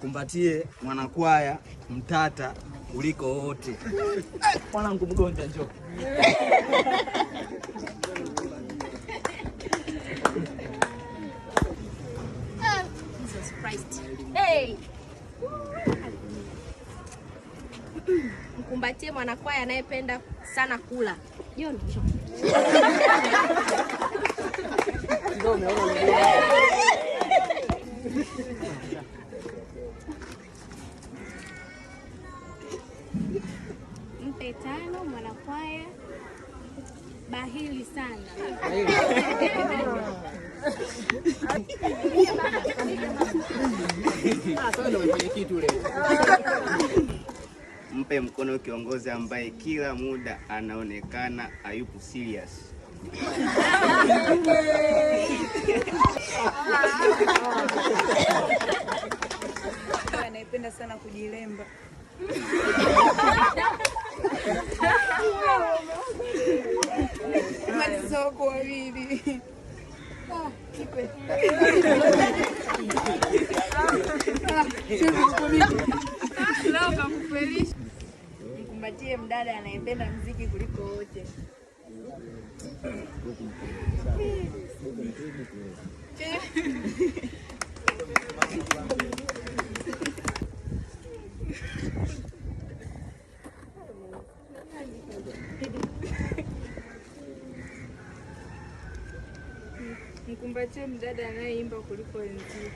mkumbatie mwanakwaya mtata kuliko wote. Mwanangu mgonja, njo Mkumbatie mwanakwaya anayependa sana kula. John, Petano mwanakwaya bahili sana. Mpe mkono kiongozi ambaye kila muda anaonekana hayupo serious. Anaipenda sana kujilemba. Weza wako wawili. Mkumbatie ah, mdada anayependa mziki kuliko wote. mkumbatie mdada anayeimba kuliko wenzie.